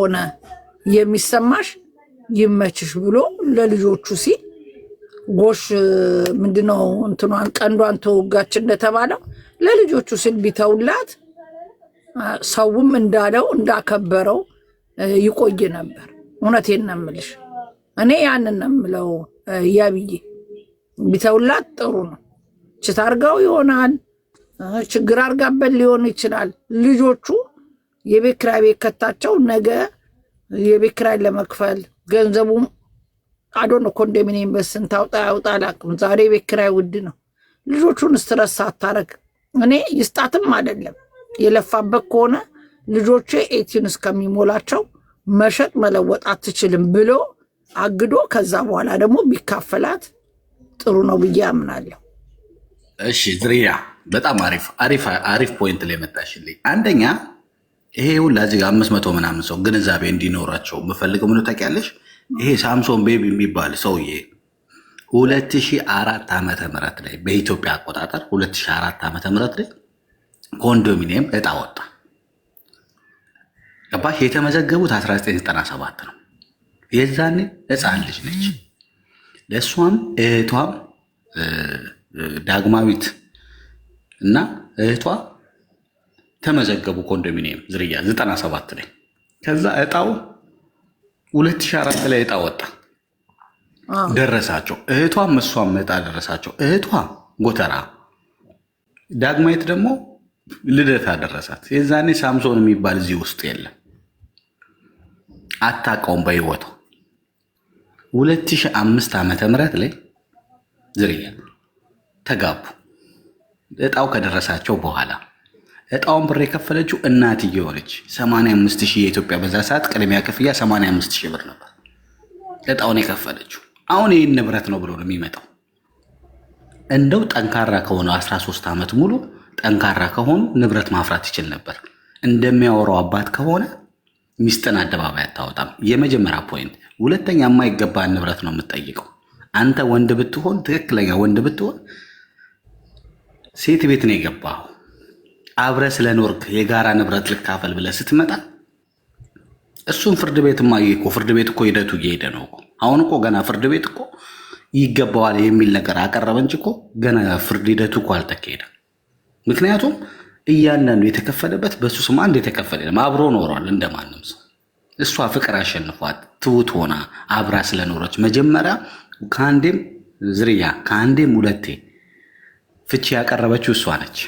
ሆነ የሚሰማሽ ይመችሽ ብሎ ለልጆቹ ሲል ጎሽ ምንድነው እንትኗን ቀንዷን ተወጋች እንደተባለው ለልጆቹ ሲል ቢተውላት ሰውም እንዳለው እንዳከበረው ይቆይ ነበር። እውነቴን ነው የምልሽ። እኔ ያንን ነው የምለው። ያብዬ ቢተውላት ጥሩ ነው። ችታርጋው አርጋው ይሆናል ችግር አርጋበት ሊሆን ይችላል ልጆቹ የቤት ኪራይ ቤት ከታቸው ነገ የቤት ኪራይ ለመክፈል ገንዘቡም አዶነ ኮንዶሚኒየም በስንት አውጣ ያውጣ አላቅም። ዛሬ ቤት ኪራይ ውድ ነው። ልጆቹን ስትረስ አታረግ። እኔ ይስጣትም አይደለም የለፋበት ከሆነ ልጆቼ ኤቲን እስከሚሞላቸው መሸጥ መለወጥ አትችልም ብሎ አግዶ ከዛ በኋላ ደግሞ ቢካፈላት ጥሩ ነው ብዬ አምናለሁ። እሺ ዝርያ በጣም አሪፍ አሪፍ ፖይንት ላይ መጣሽልኝ። አንደኛ ይሄ ሁላ እዚህ ጋር አምስት መቶ ምናምን ሰው ግንዛቤ እንዲኖራቸው የምፈልገው ምን ታውቂያለሽ? ይሄ ሳምሶን ቤቢ የሚባል ሰውዬ ሁለት ሺህ አራት ዓመተ ምህረት ላይ በኢትዮጵያ አቆጣጠር ሁለት ሺህ አራት ዓመተ ምህረት ላይ ኮንዶሚኒየም እጣ ወጣ። ገባሽ? የተመዘገቡት አስራ ዘጠኝ ዘጠና ሰባት ነው። የዛኔ ሕፃን ልጅ ነች። ለእሷም እህቷም ዳግማዊት እና እህቷ ተመዘገቡ ኮንዶሚኒየም ዝርያ 97 ላይ ከዛ እጣው 2004 ላይ እጣ ወጣ ደረሳቸው። እህቷም እሷም እጣ ደረሳቸው። እህቷ ጎተራ፣ ዳግማይት ደግሞ ልደታ ደረሳት። የዛኔ ሳምሶን የሚባል እዚህ ውስጥ የለም፣ አታውቀውም በህይወቷ 2005 ዓ ም ላይ ዝርያ ተጋቡ እጣው ከደረሳቸው በኋላ እጣውን ብር የከፈለችው እናትየው ነች። 85 ሺህ የኢትዮጵያ በዛ ሰዓት ቅድሚያ ክፍያ 85 ሺህ ብር ነበር እጣውን የከፈለችው። አሁን ይህን ንብረት ነው ብሎ ነው የሚመጣው። እንደው ጠንካራ ከሆነ 13 ዓመት ሙሉ ጠንካራ ከሆኑ ንብረት ማፍራት ይችል ነበር። እንደሚያወራው አባት ከሆነ ሚስጥን አደባባይ አታወጣም። የመጀመሪያ ፖይንት። ሁለተኛ የማይገባህን ንብረት ነው የምትጠይቀው። አንተ ወንድ ብትሆን፣ ትክክለኛ ወንድ ብትሆን ሴት ቤት ነው የገባኸው አብረ ስለኖርክ የጋራ ንብረት ልካፈል ብለህ ስትመጣ እሱን ፍርድ ማየ እኮ ፍርድ ቤት እኮ ሂደቱ እየሄደ ነው አሁን እኮ ገና ፍርድ ቤት እኮ ይገባዋል የሚል ነገር አቀረበ እንጂ እኮ ገና ፍርድ ሂደቱ እኮ አልተካሄደም። ምክንያቱም እያንዳንዱ የተከፈለበት በእሱ ስም አንድ የተከፈለ የለም። አብሮ ኖሯል እንደማንም ሰው። እሷ ፍቅር አሸንፏት ትውት ሆና አብራ ስለኖረች መጀመሪያ ከአንዴም ዝርያ ከአንዴም ሁለቴ ፍቺ ያቀረበችው እሷ ነች።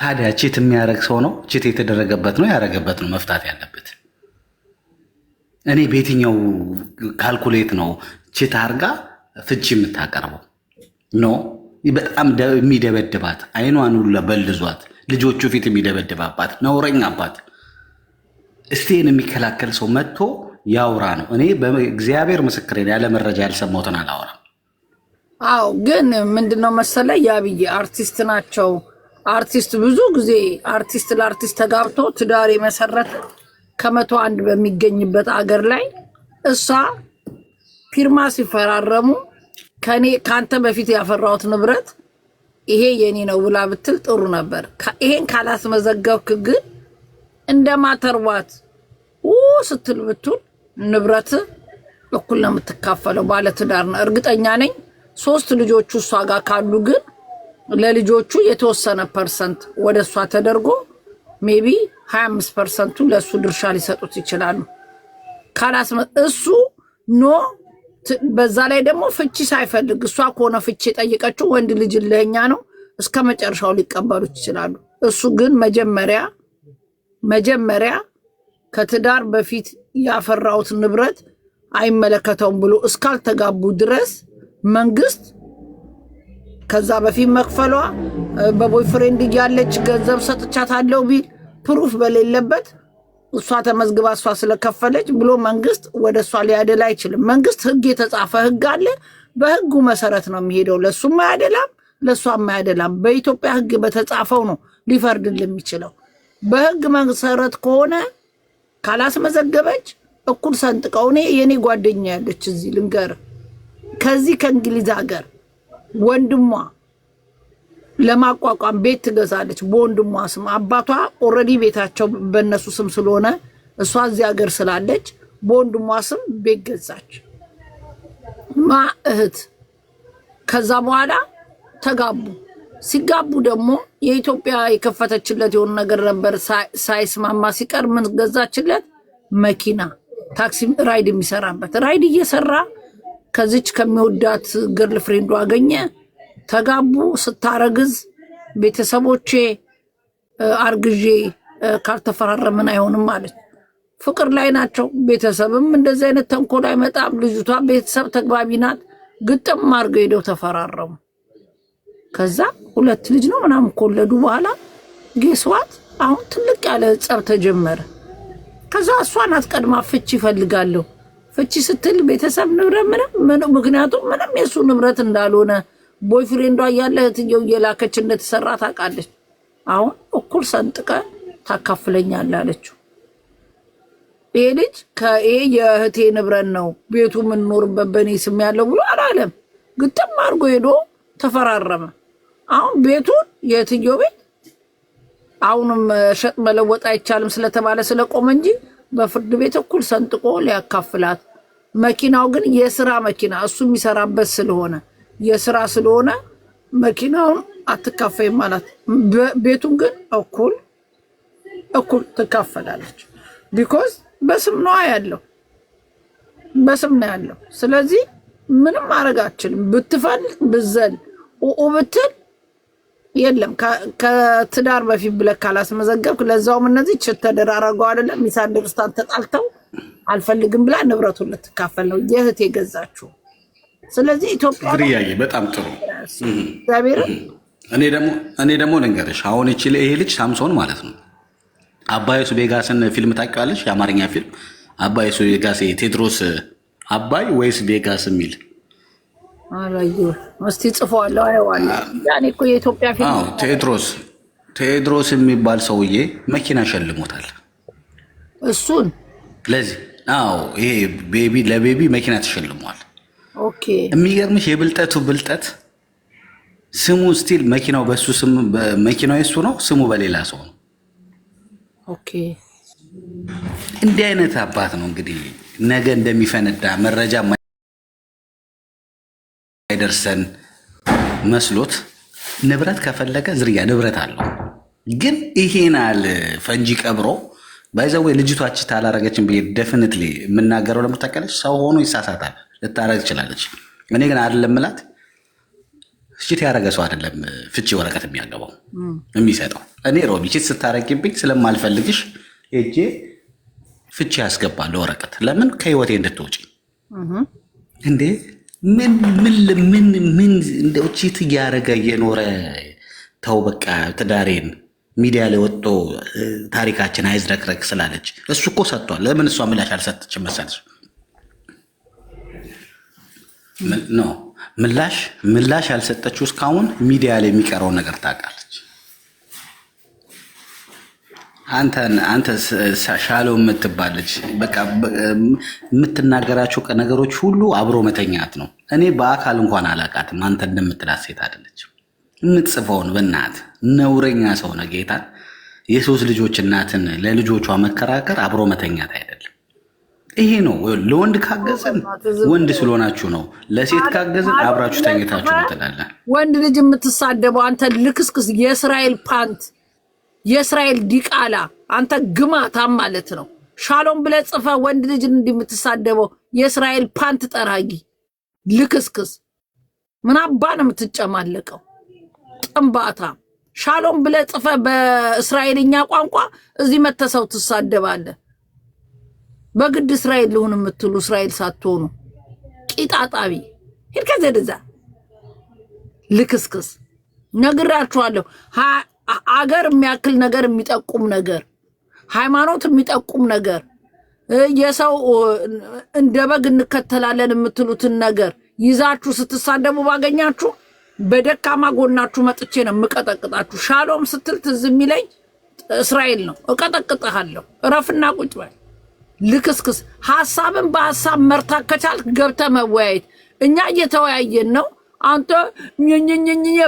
ታዲያ ቺት የሚያደርግ ሰው ነው ቺት የተደረገበት ነው ያደረገበት ነው መፍታት ያለበት። እኔ በየትኛው ካልኩሌት ነው ቺት አርጋ ፍቺ የምታቀርበው? ኖ በጣም የሚደበድባት አይኗን ሁሉ በልዟት ልጆቹ ፊት የሚደበድባባት ነውረኛ አባት። እስቴን የሚከላከል ሰው መጥቶ ያውራ ነው። እኔ በእግዚአብሔር ምስክር ያለ መረጃ ያልሰማሁትን አላወራም። አዎ ግን ምንድነው መሰለ የአብይ አርቲስት ናቸው አርቲስት ብዙ ጊዜ አርቲስት ለአርቲስት ተጋብቶ ትዳር የመሰረተ ከመቶ አንድ በሚገኝበት አገር ላይ እሷ ፊርማ ሲፈራረሙ ከኔ ከአንተ በፊት ያፈራሁት ንብረት ይሄ የኔ ነው ብላ ብትል ጥሩ ነበር። ይሄን ካላስመዘገብክ ግን እንደማተርቧት ው ስትል ብትል ንብረት እኩል ነው የምትካፈለው። ባለትዳር ነው እርግጠኛ ነኝ። ሶስት ልጆቹ እሷ ጋር ካሉ ግን ለልጆቹ የተወሰነ ፐርሰንት ወደ እሷ ተደርጎ ሜቢ 25 ፐርሰንቱ ለእሱ ድርሻ ሊሰጡት ይችላሉ። እሱ ኖ በዛ ላይ ደግሞ ፍቺ ሳይፈልግ እሷ ከሆነ ፍቺ የጠየቀችው ወንድ ልጅ ለኛ ነው እስከ መጨረሻው ሊቀበሉት ይችላሉ። እሱ ግን መጀመሪያ መጀመሪያ ከትዳር በፊት ያፈራሁት ንብረት አይመለከተውም ብሎ እስካልተጋቡ ድረስ መንግስት ከዛ በፊት መክፈሏ በቦይፍሬንድ እያለች ገንዘብ ሰጥቻታለሁ ቢል ፕሩፍ በሌለበት እሷ ተመዝግባ እሷ ስለከፈለች ብሎ መንግስት ወደ እሷ ሊያደላ አይችልም። መንግስት ህግ የተጻፈ ህግ አለ። በህጉ መሰረት ነው የሚሄደው። ለሱ ማያደላም ለእሷ ማያደላም በኢትዮጵያ ህግ በተጻፈው ነው ሊፈርድል የሚችለው። በህግ መሰረት ከሆነ ካላስመዘገበች እኩል ሰንጥቀው እኔ የኔ ጓደኛ ያለች እዚህ ልንገር ከዚህ ከእንግሊዝ ሀገር ወንድሟ ለማቋቋም ቤት ትገዛለች። በወንድሟ ስም አባቷ ኦልሬዲ ቤታቸው በእነሱ ስም ስለሆነ እሷ እዚህ ሀገር ስላለች በወንድሟ ስም ቤት ገዛች። ማ እህት ከዛ በኋላ ተጋቡ። ሲጋቡ ደግሞ የኢትዮጵያ የከፈተችለት የሆኑ ነገር ነበር። ሳይስማማ ሲቀር ምን ገዛችለት? መኪና ታክሲ ራይድ የሚሰራበት ራይድ እየሰራ ከዚች ከሚወዳት ግርል ፍሬንዱ አገኘ፣ ተጋቡ። ስታረግዝ ቤተሰቦቼ አርግዤ ካልተፈራረምን አይሆንም ማለት ፍቅር ላይ ናቸው። ቤተሰብም እንደዚህ አይነት ተንኮል አይመጣም። ልጅቷ ቤተሰብ ተግባቢ ናት። ግጥም አርገው ሄደው ተፈራረሙ። ከዛ ሁለት ልጅ ነው ምናምን ከወለዱ በኋላ ጌስዋት አሁን ትልቅ ያለ ጸብ ተጀመረ። ከዛ እሷ ናት ቀድማ ፍች ይፈልጋለሁ ፍቺ ስትል ቤተሰብ ንብረት ምንም ምክንያቱም ምንም የእሱ ንብረት እንዳልሆነ ቦይፍሬንዷ እያለ እህትየው እየላከች እንደተሰራ ታውቃለች። አሁን እኩል ሰንጥቀ ታካፍለኛል አለችው። ይሄ ልጅ ከኤ የእህቴ ንብረት ነው ቤቱ የምንኖርበት በእኔ ስም ያለው ብሎ አላለም። ግጥም አድርጎ ሄዶ ተፈራረመ። አሁን ቤቱን የእህትየው ቤት አሁንም ሸጥ መለወጥ አይቻልም ስለተባለ ስለቆመ እንጂ በፍርድ ቤት እኩል ሰንጥቆ ሊያካፍላት መኪናው ግን የስራ መኪና እሱ የሚሰራበት ስለሆነ የስራ ስለሆነ መኪናውን አትካፈይም ማለት ቤቱን ግን እኩል እኩል ትካፈላለች። ቢኮዝ በስም ነዋ ያለው በስም ነው ያለው። ስለዚህ ምንም አችልም ብትፈልግ ብዘል ብትል የለም ከትዳር በፊት ብለህ ካላስመዘገብክ፣ ለዛውም እነዚህ ችት ተደራረገው አይደለም ሚስ አንደርስታንድ ተጣልተው አልፈልግም ብላ ንብረቱን ልትካፈል ነው የእህት የገዛችው። ስለዚህ ኢትዮጵያ በጣም ጥሩ እግዚአብሔር። እኔ ደግሞ ልንገርሽ አሁን ይቺ ይሄ ልጅ ሳምሶን ማለት ነው አባይ ሱ ቤጋስን ፊልም ታውቂዋለሽ? የአማርኛ ፊልም አባይ ሱ ቤጋስ ቴድሮስ አባይ ወይስ ቤጋስ የሚል እስቲ ጽፏለሁ አየዋለሁ። ያኔ እኮ የኢትዮጵያ ፊልም ቴዎድሮስ ቴዎድሮስ የሚባል ሰውዬ መኪና ሸልሞታል። እሱን ለዚህ አዎ፣ ይሄ ቤቢ ለቤቢ መኪና ተሸልሟል። ኦኬ፣ የሚገርምሽ የብልጠቱ ብልጠት ስሙ ስቲል መኪናው በሱ ስም መኪናው የሱ ነው፣ ስሙ በሌላ ሰው ነው። ኦኬ፣ እንዲህ አይነት አባት ነው እንግዲህ ነገ እንደሚፈነዳ መረጃ አይደርሰን መስሎት ንብረት ከፈለገ ዝርያ ንብረት አለው። ግን ይሄን አለ ፈንጂ ቀብሮ ባይዘዌ ልጅቷች ታላረገችን ብዬ ደፍንትሊ የምናገረው ለምታቀለች ሰው ሆኖ ይሳሳታል። ልታረግ ትችላለች። እኔ ግን አይደለም ምላት ችት ያደረገ ሰው አይደለም ፍቺ ወረቀት የሚያገባው የሚሰጠው። እኔ ሮቢ ችት ስታረቂብኝ ስለማልፈልግሽ ሄጄ ፍቺ ያስገባለሁ ወረቀት ለምን ከህይወቴ እንድትወጪ እንዴ ምን ምን ምን ምን እንደው ቺት እያደረገ እየኖረ ተው በቃ ትዳሬን ሚዲያ ላይ ወጥቶ ታሪካችን አይዝረክረክ ስላለች እሱ እኮ ሰጥቷል። ለምን እሷ ምላሽ አልሰጥችም መሰለሽ? ምላሽ ምላሽ አልሰጠችው። እስካሁን ሚዲያ ላይ የሚቀረው ነገር ታውቃል። አንተ ሻሎ የምትባለች በቃ የምትናገራቸው ነገሮች ሁሉ አብሮ መተኛት ነው። እኔ በአካል እንኳን አላቃትም። አንተ እንደምትላት ሴት አደለች የምትጽፈውን በናት ነውረኛ ሰው ነው። ጌታ የሶስት ልጆች እናትን ለልጆቿ መከራከር አብሮ መተኛት አይደለም። ይሄ ነው። ለወንድ ካገዘን ወንድ ስለሆናችሁ ነው፣ ለሴት ካገዘን አብራችሁ ተኝታችሁ ነው ትላለን። ወንድ ልጅ የምትሳደበው አንተ ልክስክስ የእስራኤል ፓንት የእስራኤል ዲቃላ አንተ ግማታም ማለት ነው። ሻሎም ብለህ ጽፈህ ወንድ ልጅ እንደምትሳደበው የእስራኤል ፓንት ጠራጊ ልክስክስ፣ ምን አባ ነው የምትጨማለቀው? ጥንባታ ሻሎም ብለህ ጽፈህ በእስራኤልኛ ቋንቋ እዚህ መተሰው ትሳደባለህ። በግድ እስራኤል ልሁን የምትሉ እስራኤል ሳትሆኑ ቂጣጣቢ ሄድ ልክስክስ ነግራችኋለሁ። አገር የሚያክል ነገር የሚጠቁም ነገር ሃይማኖት የሚጠቁም ነገር የሰው እንደ በግ እንከተላለን የምትሉትን ነገር ይዛችሁ ስትሳደቡ ባገኛችሁ በደካማ ጎናችሁ መጥቼ ነው የምቀጠቅጣችሁ። ሻሎም ስትል ትዝ የሚለኝ እስራኤል ነው። እቀጠቅጥሃለሁ፣ እረፍና ቁጭ በል ልክስክስ። ሀሳብን በሀሳብ መርታ ከቻልክ ገብተ መወያየት። እኛ እየተወያየን ነው፣ አንተ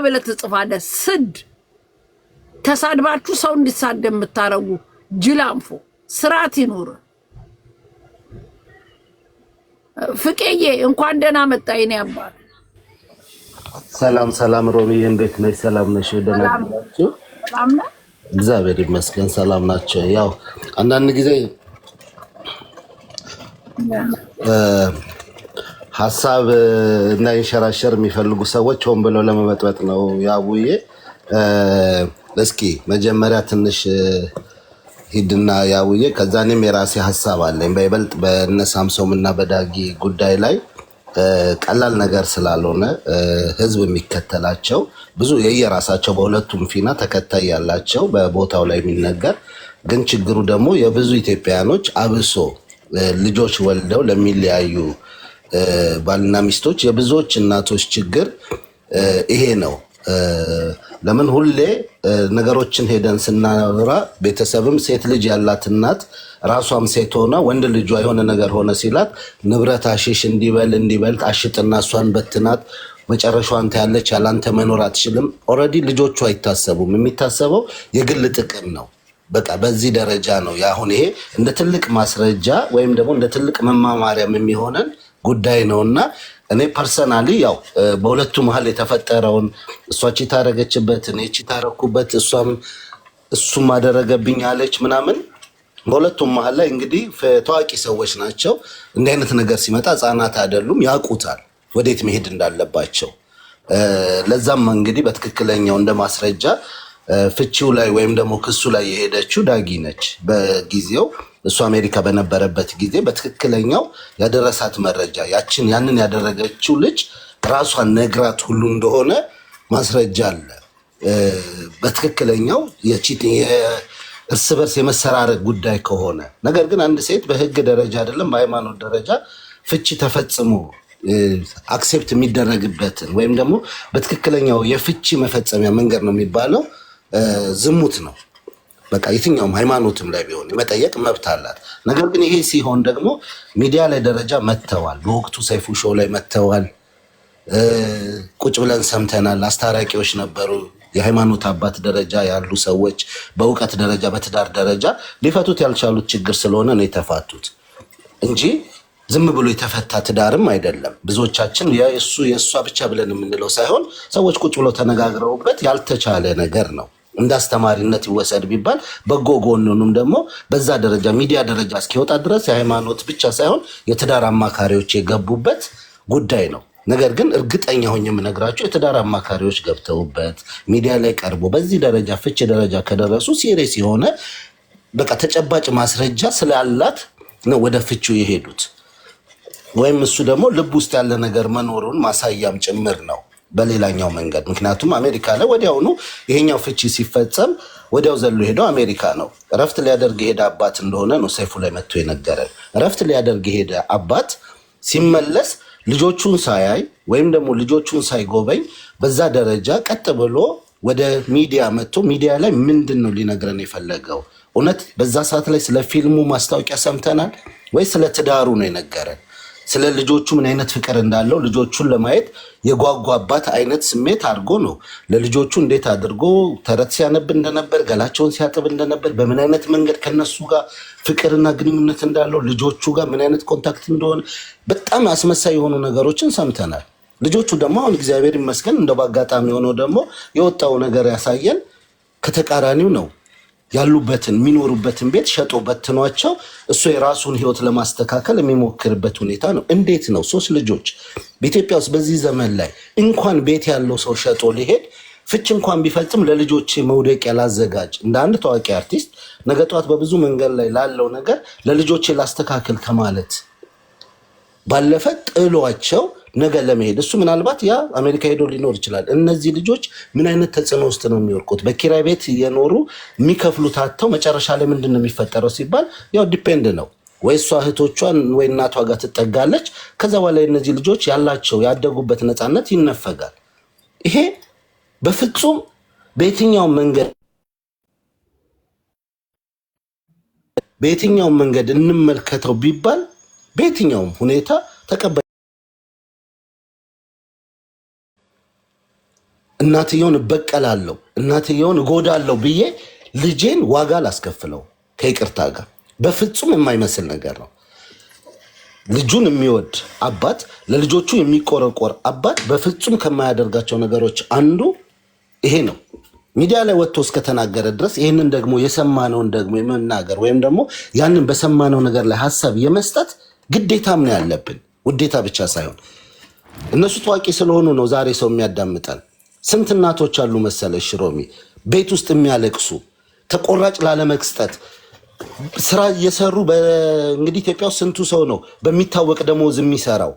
ብለህ ትጽፋለህ ስድ ተሳድባችሁ ሰው እንዲሳደብ የምታረጉ ጅላንፎ ስርዓት ይኖር ፍቄዬ እንኳን ደህና መጣ። ይኔ አባል ሰላም ሰላም። ሮሚዬ እንዴት ነሽ? ሰላም ነሽ? ደህና እግዚአብሔር ይመስገን ሰላም ናቸው። ያው አንዳንድ ጊዜ ሀሳብ እንዳይንሸራሸር የሚፈልጉ ሰዎች ሆን ብለው ለመበጥበጥ ነው ያቡዬ እስኪ መጀመሪያ ትንሽ ሂድና ያውየ ከዛ እኔም የራሴ ሀሳብ አለኝ በይበልጥ በነ ሳምሶም እና በዳጊ ጉዳይ ላይ ቀላል ነገር ስላልሆነ ህዝብ የሚከተላቸው ብዙ የየራሳቸው በሁለቱም ፊና ተከታይ ያላቸው በቦታው ላይ የሚነገር ግን ችግሩ ደግሞ የብዙ ኢትዮጵያውያኖች አብሶ ልጆች ወልደው ለሚለያዩ ባልና ሚስቶች የብዙዎች እናቶች ችግር ይሄ ነው። ለምን ሁሌ ነገሮችን ሄደን ስናወራ ቤተሰብም ሴት ልጅ ያላት እናት ራሷም ሴት ሆነ ወንድ ልጇ የሆነ ነገር ሆነ ሲላት ንብረት አሽሽ እንዲበል እንዲበልጥ አሽጥና እሷን በትናት መጨረሻ አንተ ያለች ያላንተ መኖር አትችልም። ኦልሬዲ ልጆቹ አይታሰቡም። የሚታሰበው የግል ጥቅም ነው። በቃ በዚህ ደረጃ ነው። አሁን ይሄ እንደ ትልቅ ማስረጃ ወይም ደግሞ እንደ ትልቅ መማማሪያም የሚሆነን ጉዳይ ነውና እኔ ፐርሰናሊ ያው በሁለቱ መሀል የተፈጠረውን እሷ ቺት አደረገችበት፣ እኔ ቺት አደረኩበት፣ እሷም እሱም አደረገብኝ አለች ምናምን። በሁለቱም መሀል ላይ እንግዲህ ታዋቂ ሰዎች ናቸው። እንዲህ አይነት ነገር ሲመጣ ህጻናት አይደሉም፣ ያውቁታል ወዴት መሄድ እንዳለባቸው። ለዛም እንግዲህ በትክክለኛው እንደ ማስረጃ ፍቺው ላይ ወይም ደግሞ ክሱ ላይ የሄደችው ዳጊ ነች በጊዜው እሱ አሜሪካ በነበረበት ጊዜ በትክክለኛው ያደረሳት መረጃ ያችን ያንን ያደረገችው ልጅ ራሷን ነግራት ሁሉ እንደሆነ ማስረጃ አለ። በትክክለኛው እርስ በርስ የመሰራረቅ ጉዳይ ከሆነ ነገር ግን አንድ ሴት በህግ ደረጃ አይደለም በሃይማኖት ደረጃ ፍቺ ተፈጽሞ አክሴፕት የሚደረግበትን ወይም ደግሞ በትክክለኛው የፍቺ መፈጸሚያ መንገድ ነው የሚባለው ዝሙት ነው። በቃ የትኛውም ሃይማኖትም ላይ ቢሆን የመጠየቅ መብት አላት። ነገር ግን ይሄ ሲሆን ደግሞ ሚዲያ ላይ ደረጃ መጥተዋል። በወቅቱ ሰይፉ ሾው ላይ መጥተዋል። ቁጭ ብለን ሰምተናል። አስታራቂዎች ነበሩ። የሃይማኖት አባት ደረጃ ያሉ ሰዎች በእውቀት ደረጃ በትዳር ደረጃ ሊፈቱት ያልቻሉት ችግር ስለሆነ ነው የተፋቱት እንጂ ዝም ብሎ የተፈታ ትዳርም አይደለም። ብዙዎቻችን የእሱ የእሷ ብቻ ብለን የምንለው ሳይሆን ሰዎች ቁጭ ብለው ተነጋግረውበት ያልተቻለ ነገር ነው። እንደ አስተማሪነት ይወሰድ ቢባል በጎ ጎንኑም ደግሞ በዛ ደረጃ ሚዲያ ደረጃ እስኪወጣ ድረስ የሃይማኖት ብቻ ሳይሆን የትዳር አማካሪዎች የገቡበት ጉዳይ ነው። ነገር ግን እርግጠኛ ሆኜ የምነግራቸው የትዳር አማካሪዎች ገብተውበት ሚዲያ ላይ ቀርቦ በዚህ ደረጃ ፍች ደረጃ ከደረሱ ሲሪየስ የሆነ በቃ ተጨባጭ ማስረጃ ስላላት ነው ወደ ፍቹ የሄዱት። ወይም እሱ ደግሞ ልብ ውስጥ ያለ ነገር መኖሩን ማሳያም ጭምር ነው። በሌላኛው መንገድ ምክንያቱም አሜሪካ ላይ ወዲያውኑ ይሄኛው ፍቺ ሲፈጸም ወዲያው ዘሎ ሄደው አሜሪካ ነው እረፍት ሊያደርግ የሄደ አባት እንደሆነ ነው ሰይፉ ላይ መጥቶ የነገረን። እረፍት ሊያደርግ የሄደ አባት ሲመለስ ልጆቹን ሳያይ ወይም ደግሞ ልጆቹን ሳይጎበኝ በዛ ደረጃ ቀጥ ብሎ ወደ ሚዲያ መጥቶ ሚዲያ ላይ ምንድን ነው ሊነግረን የፈለገው? እውነት በዛ ሰዓት ላይ ስለ ፊልሙ ማስታወቂያ ሰምተናል ወይ? ስለ ትዳሩ ነው የነገረን ስለ ልጆቹ ምን አይነት ፍቅር እንዳለው ልጆቹን ለማየት የጓጓባት አይነት ስሜት አድርጎ ነው ለልጆቹ እንዴት አድርጎ ተረት ሲያነብ እንደነበር፣ ገላቸውን ሲያጥብ እንደነበር፣ በምን አይነት መንገድ ከነሱ ጋር ፍቅርና ግንኙነት እንዳለው፣ ልጆቹ ጋር ምን አይነት ኮንታክት እንደሆነ በጣም አስመሳይ የሆኑ ነገሮችን ሰምተናል። ልጆቹ ደግሞ አሁን እግዚአብሔር ይመስገን እንደው በአጋጣሚ የሆነው ደግሞ የወጣው ነገር ያሳየን ከተቃራኒው ነው። ያሉበትን የሚኖሩበትን ቤት ሸጦ በትኗቸው እሱ የራሱን ህይወት ለማስተካከል የሚሞክርበት ሁኔታ ነው። እንዴት ነው ሶስት ልጆች በኢትዮጵያ ውስጥ በዚህ ዘመን ላይ እንኳን ቤት ያለው ሰው ሸጦ ሊሄድ ፍች እንኳን ቢፈጽም ለልጆች መውደቅ ያላዘጋጅ እንደ አንድ ታዋቂ አርቲስት ነገ ጠዋት በብዙ መንገድ ላይ ላለው ነገር ለልጆች ላስተካክል ከማለት ባለፈ ጥሏቸው ነገ ለመሄድ እሱ ምናልባት ያ አሜሪካ ሄዶ ሊኖር ይችላል። እነዚህ ልጆች ምን አይነት ተጽዕኖ ውስጥ ነው የሚወርቁት? በኪራይ ቤት እየኖሩ የሚከፍሉት አጥተው መጨረሻ ላይ ምንድን ነው የሚፈጠረው ሲባል ያው ዲፔንድ ነው ወይ እሷ እህቶቿን ወይ እናቷ ጋር ትጠጋለች። ከዛ በኋላ እነዚህ ልጆች ያላቸው ያደጉበት ነፃነት ይነፈጋል። ይሄ በፍጹም በየትኛውም መንገድ በየትኛውም መንገድ እንመልከተው ቢባል በየትኛውም ሁኔታ ተቀባይ እናትየውን እበቀላለሁ፣ እናትየውን እጎዳለሁ ብዬ ልጄን ዋጋ ላስከፍለው ከይቅርታ ጋር በፍጹም የማይመስል ነገር ነው። ልጁን የሚወድ አባት፣ ለልጆቹ የሚቆረቆር አባት በፍጹም ከማያደርጋቸው ነገሮች አንዱ ይሄ ነው። ሚዲያ ላይ ወጥቶ እስከተናገረ ድረስ ይህንን ደግሞ የሰማነውን ደግሞ የመናገር ወይም ደግሞ ያንን በሰማነው ነገር ላይ ሀሳብ የመስጠት ግዴታም ነው ያለብን። ውዴታ ብቻ ሳይሆን እነሱ ታዋቂ ስለሆኑ ነው ዛሬ ሰው የሚያዳምጠን። ስንት እናቶች አሉ መሰለሽ ሮሚ ቤት ውስጥ የሚያለቅሱ ተቆራጭ ላለመክስጠት ስራ እየሰሩ እንግዲህ ኢትዮጵያ ውስጥ ስንቱ ሰው ነው በሚታወቅ ደሞዝ የሚሰራው?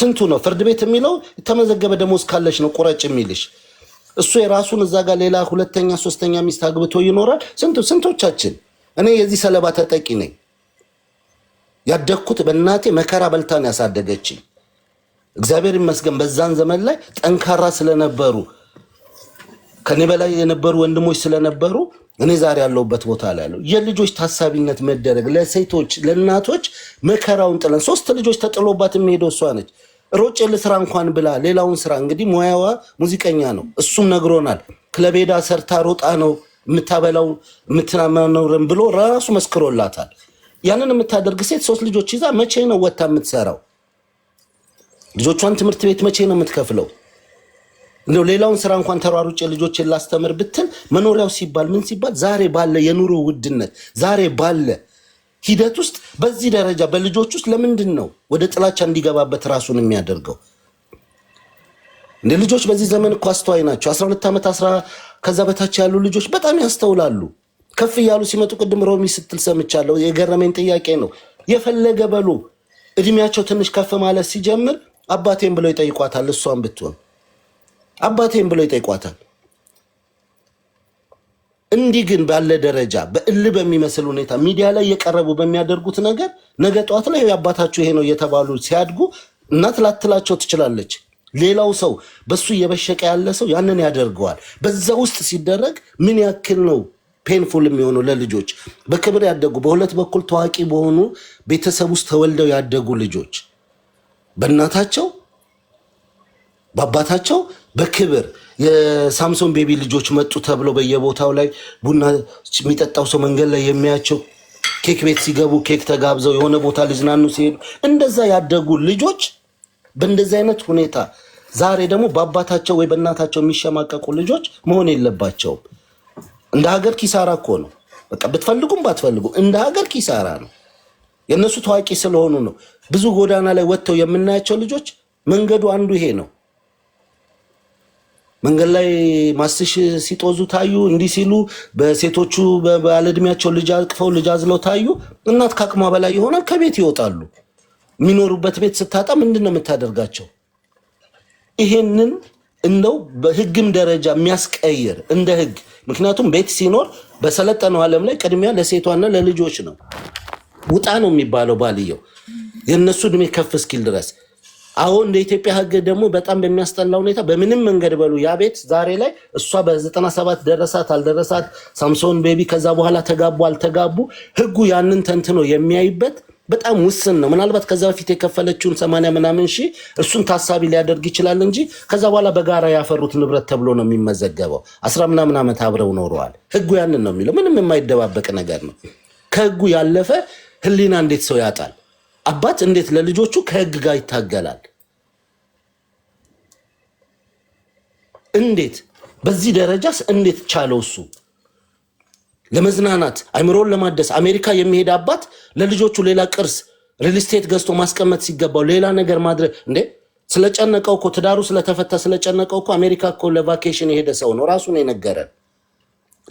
ስንቱ ነው ፍርድ ቤት የሚለው የተመዘገበ ደሞዝ ካለሽ ነው ቁረጭ የሚልሽ። እሱ የራሱን እዛ ጋር ሌላ ሁለተኛ ሶስተኛ ሚስት አግብቶ ይኖራል። ስንቱ ስንቶቻችን እኔ የዚህ ሰለባ ተጠቂ ነኝ። ያደግኩት በእናቴ መከራ በልታን ያሳደገችኝ እግዚአብሔር ይመስገን በዛን ዘመን ላይ ጠንካራ ስለነበሩ ከኔ በላይ የነበሩ ወንድሞች ስለነበሩ እኔ ዛሬ ያለሁበት ቦታ ላይ ያለው የልጆች ታሳቢነት መደረግ ለሴቶች ለእናቶች መከራውን ጥለን ሶስት ልጆች ተጥሎባት የሚሄደው እሷ ነች። ሮጬ ልስራ እንኳን ብላ ሌላውን ስራ እንግዲህ ሙያዋ ሙዚቀኛ ነው። እሱም ነግሮናል። ክለቤዳ ሰርታ ሮጣ ነው የምታበላው የምትናመነውርን ብሎ ራሱ መስክሮላታል። ያንን የምታደርግ ሴት ሶስት ልጆች ይዛ መቼ ነው ወታ የምትሰራው? ልጆቿን ትምህርት ቤት መቼ ነው የምትከፍለው? እንደው ሌላውን ስራ እንኳን ተሯሩጭ ልጆች ላስተምር ብትል መኖሪያው ሲባል ምን ሲባል ዛሬ ባለ የኑሮ ውድነት ዛሬ ባለ ሂደት ውስጥ በዚህ ደረጃ በልጆች ውስጥ ለምንድን ነው ወደ ጥላቻ እንዲገባበት ራሱን የሚያደርገው? እንደ ልጆች በዚህ ዘመን እኮ አስተዋይ ናቸው። 12 ዓመት ከዛ በታች ያሉ ልጆች በጣም ያስተውላሉ። ከፍ እያሉ ሲመጡ ቅድም ሮሚ ስትል ሰምቻለሁ። የገረመኝ ጥያቄ ነው። የፈለገ በሉ እድሜያቸው ትንሽ ከፍ ማለት ሲጀምር አባቴን ብለው ይጠይቋታል። እሷን ብትሆን አባቴን ብለው ይጠይቋታል። እንዲህ ግን ባለ ደረጃ በእል በሚመስል ሁኔታ ሚዲያ ላይ የቀረቡ በሚያደርጉት ነገር ነገ ጠዋት ላይ አባታቸው ይሄ ነው እየተባሉ ሲያድጉ እናት ላትላቸው ትችላለች። ሌላው ሰው በሱ እየበሸቀ ያለ ሰው ያንን ያደርገዋል። በዛ ውስጥ ሲደረግ ምን ያክል ነው ፔንፉል የሚሆኑ ለልጆች በክብር ያደጉ በሁለት በኩል ታዋቂ በሆኑ ቤተሰብ ውስጥ ተወልደው ያደጉ ልጆች በእናታቸው በአባታቸው በክብር የሳምሶን ቤቢ ልጆች መጡ ተብሎ በየቦታው ላይ ቡና የሚጠጣው ሰው መንገድ ላይ የሚያቸው ኬክ ቤት ሲገቡ ኬክ ተጋብዘው የሆነ ቦታ ሊዝናኑ ሲሄዱ እንደዛ ያደጉ ልጆች በእንደዚህ አይነት ሁኔታ ዛሬ ደግሞ በአባታቸው ወይ በእናታቸው የሚሸማቀቁ ልጆች መሆን የለባቸውም። እንደ ሀገር ኪሳራ እኮ ነው። በቃ ብትፈልጉም ባትፈልጉም እንደ ሀገር ኪሳራ ነው። የእነሱ ታዋቂ ስለሆኑ ነው። ብዙ ጎዳና ላይ ወጥተው የምናያቸው ልጆች መንገዱ አንዱ ይሄ ነው። መንገድ ላይ ማስሽ ሲጦዙ ታዩ፣ እንዲህ ሲሉ በሴቶቹ ባለእድሜያቸው ልጅ አቅፈው ልጅ አዝለው ታዩ። እናት ከአቅሟ በላይ ይሆናል፣ ከቤት ይወጣሉ። የሚኖሩበት ቤት ስታጣ ምንድን ነው የምታደርጋቸው? ይሄንን እንደው በህግም ደረጃ የሚያስቀይር እንደ ህግ፣ ምክንያቱም ቤት ሲኖር በሰለጠነው ዓለም ላይ ቅድሚያ ለሴቷና ለልጆች ነው። ውጣ ነው የሚባለው ባልየው የእነሱ እድሜ ከፍ እስኪል ድረስ። አሁን እንደ ኢትዮጵያ ሕግ ደግሞ በጣም በሚያስጠላ ሁኔታ በምንም መንገድ በሉ ያ ቤት ዛሬ ላይ እሷ በ97 ደረሳት አልደረሳት፣ ሳምሶን ቤቢ ከዛ በኋላ ተጋቡ አልተጋቡ፣ ሕጉ ያንን ተንትኖ የሚያይበት በጣም ውስን ነው። ምናልባት ከዛ በፊት የከፈለችውን ሰማንያ ምናምን ሺ እሱን ታሳቢ ሊያደርግ ይችላል እንጂ ከዛ በኋላ በጋራ ያፈሩት ንብረት ተብሎ ነው የሚመዘገበው። አስራ ምናምን ዓመት አብረው ኖረዋል። ህጉ ያንን ነው የሚለው። ምንም የማይደባበቅ ነገር ነው። ከህጉ ያለፈ ህሊና እንዴት ሰው ያጣል? አባት እንዴት ለልጆቹ ከህግ ጋር ይታገላል? እንዴት በዚህ ደረጃስ እንዴት ቻለው? እሱ ለመዝናናት አይምሮን ለማደስ አሜሪካ የሚሄድ አባት ለልጆቹ ሌላ ቅርስ ሪልስቴት ገዝቶ ማስቀመጥ ሲገባው ሌላ ነገር ማድረግ እንዴ! ስለጨነቀው እኮ ትዳሩ ስለተፈታ ስለጨነቀው እኮ አሜሪካ እኮ ለቫኬሽን የሄደ ሰው ነው ራሱ ነው የነገረን።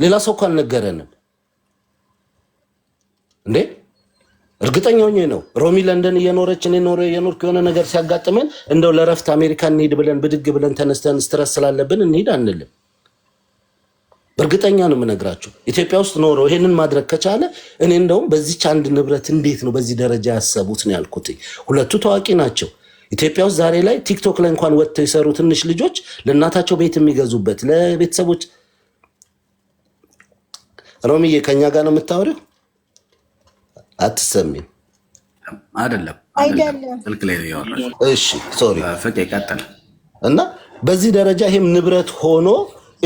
ሌላ ሰው እኮ አልነገረንም እንዴ! እርግጠኛ ሆኜ ነው። ሮሚ ለንደን እየኖረች እኔ ኖረ እየኖርኩ የሆነ ነገር ሲያጋጥመን እንደው ለረፍት አሜሪካ እንሄድ ብለን ብድግ ብለን ተነስተን ስትረስ ስላለብን እንሄድ አንልም። እርግጠኛ ነው የምነግራቸው። ኢትዮጵያ ውስጥ ኖሮ ይሄንን ማድረግ ከቻለ እኔ እንደውም በዚች አንድ ንብረት እንዴት ነው በዚህ ደረጃ ያሰቡት ነው ያልኩት። ሁለቱ ታዋቂ ናቸው። ኢትዮጵያ ውስጥ ዛሬ ላይ ቲክቶክ ላይ እንኳን ወጥተው የሰሩ ትንሽ ልጆች ለእናታቸው ቤት የሚገዙበት ለቤተሰቦች ሮሚዬ ከኛ ጋር ነው የምታወሪው አትሰሚም አይደለም አይደለም። እና በዚህ ደረጃ ይህም ንብረት ሆኖ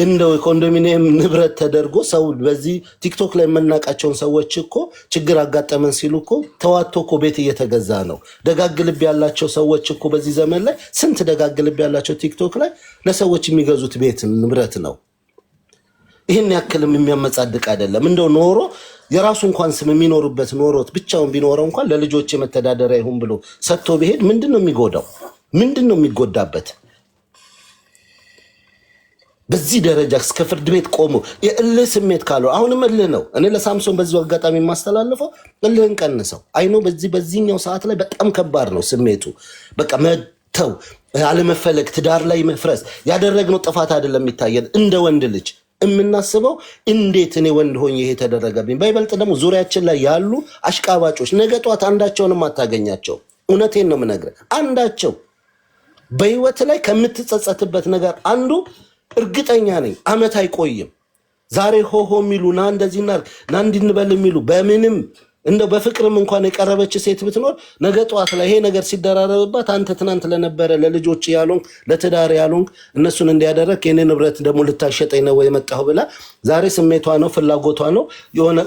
እንደ ኮንዶሚኒየም ንብረት ተደርጎ ሰው በዚህ ቲክቶክ ላይ የምናውቃቸውን ሰዎች እኮ ችግር አጋጠመን ሲሉ እኮ ተዋቶ እኮ ቤት እየተገዛ ነው። ደጋግ ልብ ያላቸው ሰዎች እኮ በዚህ ዘመን ላይ ስንት ደጋግ ልብ ያላቸው ቲክቶክ ላይ ለሰዎች የሚገዙት ቤት ንብረት ነው። ይህን ያክልም የሚያመጻድቅ አይደለም። እንደው ኖሮ የራሱ እንኳን ስም የሚኖርበት ኖሮት ብቻውን ቢኖረው እንኳን ለልጆች መተዳደሪያ ይሁን ብሎ ሰጥቶ ቢሄድ ምንድን ነው የሚጎዳው? ምንድን ነው የሚጎዳበት? በዚህ ደረጃ እስከ ፍርድ ቤት ቆሞ የእልህ ስሜት ካለ አሁንም እልህ ነው። እኔ ለሳምሶን በዚ አጋጣሚ የማስተላለፈው እልህን ቀንሰው። አይኖ በዚህ በዚህኛው ሰዓት ላይ በጣም ከባድ ነው ስሜቱ። በቃ መተው፣ አለመፈለግ፣ ትዳር ላይ መፍረስ ያደረግነው ጥፋት አይደለም የሚታየን እንደ ወንድ ልጅ የምናስበው እንዴት እኔ ወንድ ሆኝ ይሄ ተደረገብኝ። በይበልጥ ደግሞ ዙሪያችን ላይ ያሉ አሽቃባጮች ነገ ጠዋት አንዳቸውንም አታገኛቸው። እውነቴን ነው የምነግርህ። አንዳቸው በህይወት ላይ ከምትጸጸትበት ነገር አንዱ እርግጠኛ ነኝ አመት አይቆይም። ዛሬ ሆሆ የሚሉ ና እንደዚህ ና እንድንበል የሚሉ በምንም እንደው በፍቅርም እንኳን የቀረበች ሴት ብትኖር ነገ ጠዋት ላይ ይሄ ነገር ሲደራረብባት አንተ ትናንት ለነበረ ለልጆች ያሉን ለትዳር ያሉን እነሱን እንዲያደረግ የኔ ንብረት ደግሞ ልታሸጠኝ ነው የመጣሁ ብላ ዛሬ ስሜቷ ነው ፍላጎቷ ነው የሆነ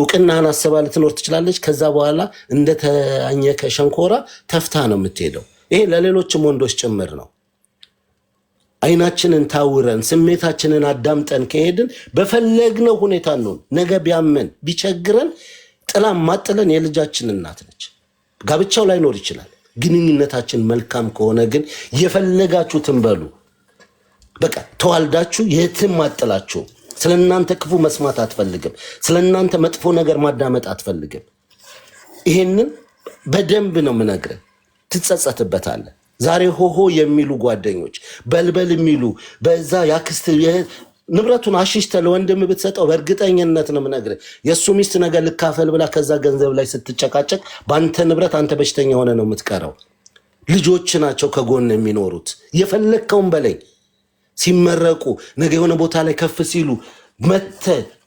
እውቅናህን አስባ ልትኖር ትችላለች። ከዛ በኋላ እንደተኛከ ሸንኮራ ተፍታ ነው የምትሄደው። ይሄ ለሌሎችም ወንዶች ጭምር ነው። አይናችንን ታውረን ስሜታችንን አዳምጠን ከሄድን በፈለግነው ሁኔታ ነው ነገ ቢያመን ቢቸግረን ጥላ ማጥለን የልጃችን እናት ነች። ጋብቻው ላይኖር ይችላል። ግንኙነታችን መልካም ከሆነ ግን የፈለጋችሁትን በሉ። በቃ ተዋልዳችሁ የትም አጥላችሁ። ስለ እናንተ ክፉ መስማት አትፈልግም። ስለ እናንተ መጥፎ ነገር ማዳመጥ አትፈልግም። ይሄንን በደንብ ነው የምነግርህ። ትጸጸትበታለህ። ዛሬ ሆሆ የሚሉ ጓደኞች፣ በልበል የሚሉ በዛ ያክስት ንብረቱን አሽሽተ ለወንድም ብትሰጠው በእርግጠኝነት ነው ምነግር የእሱ ሚስት ነገር ልካፈል ብላ ከዛ ገንዘብ ላይ ስትጨቃጨቅ በአንተ ንብረት አንተ በሽተኛ ሆነ ነው የምትቀረው። ልጆች ናቸው ከጎን የሚኖሩት። የፈለግከውን በላይ ሲመረቁ ነገ የሆነ ቦታ ላይ ከፍ ሲሉ መተ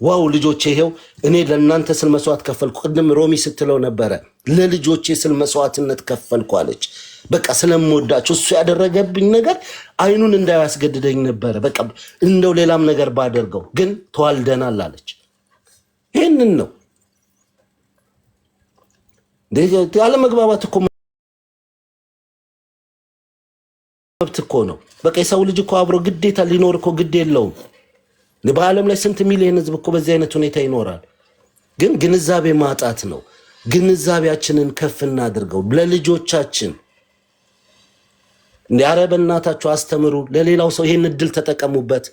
ዋው ልጆች ይሄው እኔ ለእናንተ ስል መስዋዕት ከፈልኩ። ቅድም ሮሚ ስትለው ነበረ ለልጆቼ ስል መስዋዕትነት ከፈልኩ አለች። በቃ ስለምወዳቸው እሱ ያደረገብኝ ነገር አይኑን እንዳያስገድደኝ ያስገድደኝ ነበረ። በቃ እንደው ሌላም ነገር ባደርገው ግን ተዋልደናል አለች። ይህንን ነው አለመግባባት እኮ መብት እኮ ነው። በቃ የሰው ልጅ እኮ አብሮ ግዴታ ሊኖር እኮ ግድ የለውም። በዓለም ላይ ስንት ሚሊዮን ህዝብ እኮ በዚህ አይነት ሁኔታ ይኖራል። ግን ግንዛቤ ማጣት ነው። ግንዛቤያችንን ከፍ እናድርገው ለልጆቻችን እንደ ኧረ በእናታችሁ አስተምሩ፣ ለሌላው ሰው ይሄን እድል ተጠቀሙበት።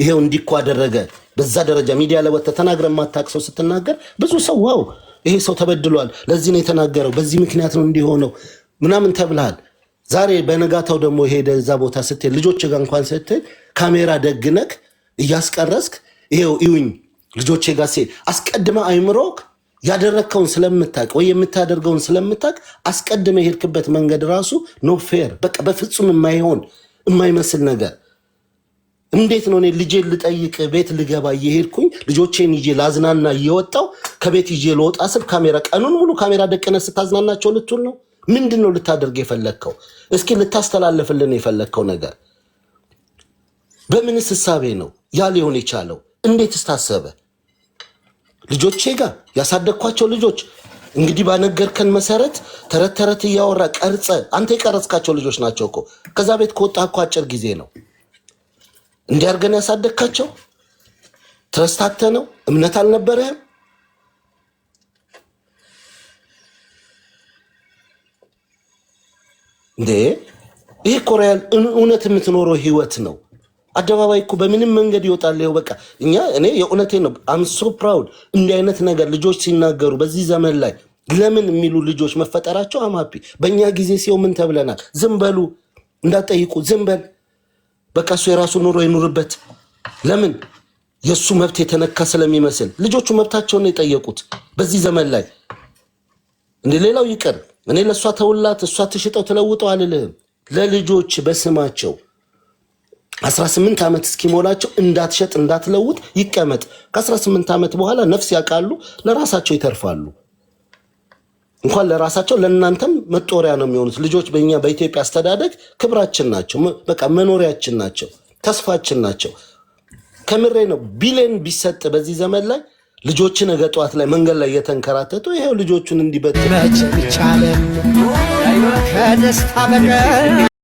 ይሄው እንዲኮ አደረገ። በዛ ደረጃ ሚዲያ ላይ ወጥተህ ተናግረ ሰው ስትናገር ብዙ ሰው ዋው ይሄ ሰው ተበድሏል፣ ለዚህ ነው የተናገረው፣ በዚህ ምክንያት ነው እንዲሆነው ምናምን ተብልሃል። ዛሬ በነጋታው ደግሞ ሄደ እዛ ቦታ ስትሄድ ልጆች ጋ እንኳን ስትሄድ ካሜራ ደግነክ እያስቀረስክ ይሄው ይውኝ ልጆቼ ጋር ሴ አስቀድመ አይምሮክ ያደረግከውን ስለምታቅ ወይ የምታደርገውን ስለምታቅ አስቀድመ የሄድክበት መንገድ ራሱ ኖ ፌር፣ በቃ በፍጹም የማይሆን የማይመስል ነገር። እንዴት ነው እኔ ልጄን ልጠይቅ ቤት ልገባ እየሄድኩኝ ልጆቼን ይዤ ላዝናና እየወጣው ከቤት ይዤ ልወጣ ስል ካሜራ ቀኑን ሙሉ ካሜራ ደቀነ ስታዝናናቸው ልትል ነው? ምንድን ነው ልታደርግ የፈለግከው? እስኪ ልታስተላለፍልን የፈለግከው ነገር በምን ስሳቤ ነው ያ ሊሆን የቻለው? እንዴት ስታሰበ ልጆቼ ጋር ያሳደግኳቸው ልጆች እንግዲህ ባነገርከን መሰረት ተረት ተረት እያወራ ቀርጸ አንተ የቀረጽካቸው ልጆች ናቸው እኮ። ከዛ ቤት ከወጣ እኮ አጭር ጊዜ ነው። እንዲያርገን ያሳደግካቸው ትረስታተ ነው። እምነት አልነበረህም። እንዴ ይሄ ኮሪያል እውነት የምትኖረው ህይወት ነው። አደባባይ እኮ በምንም መንገድ ይወጣል። ይኸው በቃ እኛ እኔ የእውነቴ ነው። አም ሶ ፕራውድ እንዲህ አይነት ነገር ልጆች ሲናገሩ በዚህ ዘመን ላይ ለምን የሚሉ ልጆች መፈጠራቸው አማፒ በእኛ ጊዜ ሲሆን ምን ተብለናል? ዝም በሉ እንዳትጠይቁ፣ ዝም በል በቃ እሱ የራሱ ኑሮ ይኑርበት። ለምን የእሱ መብት የተነካ ስለሚመስል ልጆቹ መብታቸውን የጠየቁት በዚህ ዘመን ላይ። እንደ ሌላው ይቅር እኔ ለእሷ ተውላት እሷ ትሽጠው ትለውጠው አልልህም። ለልጆች በስማቸው 18 ዓመት እስኪሞላቸው እንዳትሸጥ እንዳትለውጥ ይቀመጥ። ከ18 ዓመት በኋላ ነፍስ ያውቃሉ፣ ለራሳቸው ይተርፋሉ። እንኳን ለራሳቸው ለእናንተም መጦሪያ ነው የሚሆኑት። ልጆች በኛ በኢትዮጵያ አስተዳደግ ክብራችን ናቸው፣ በቃ መኖሪያችን ናቸው፣ ተስፋችን ናቸው። ከምሬ ነው። ቢሊዮን ቢሰጥ በዚህ ዘመን ላይ ልጆችን ነገ ጠዋት ላይ መንገድ ላይ እየተንከራተቱ ይኸው ልጆቹን እንዲበት ይቻለን ከደስታ በቀር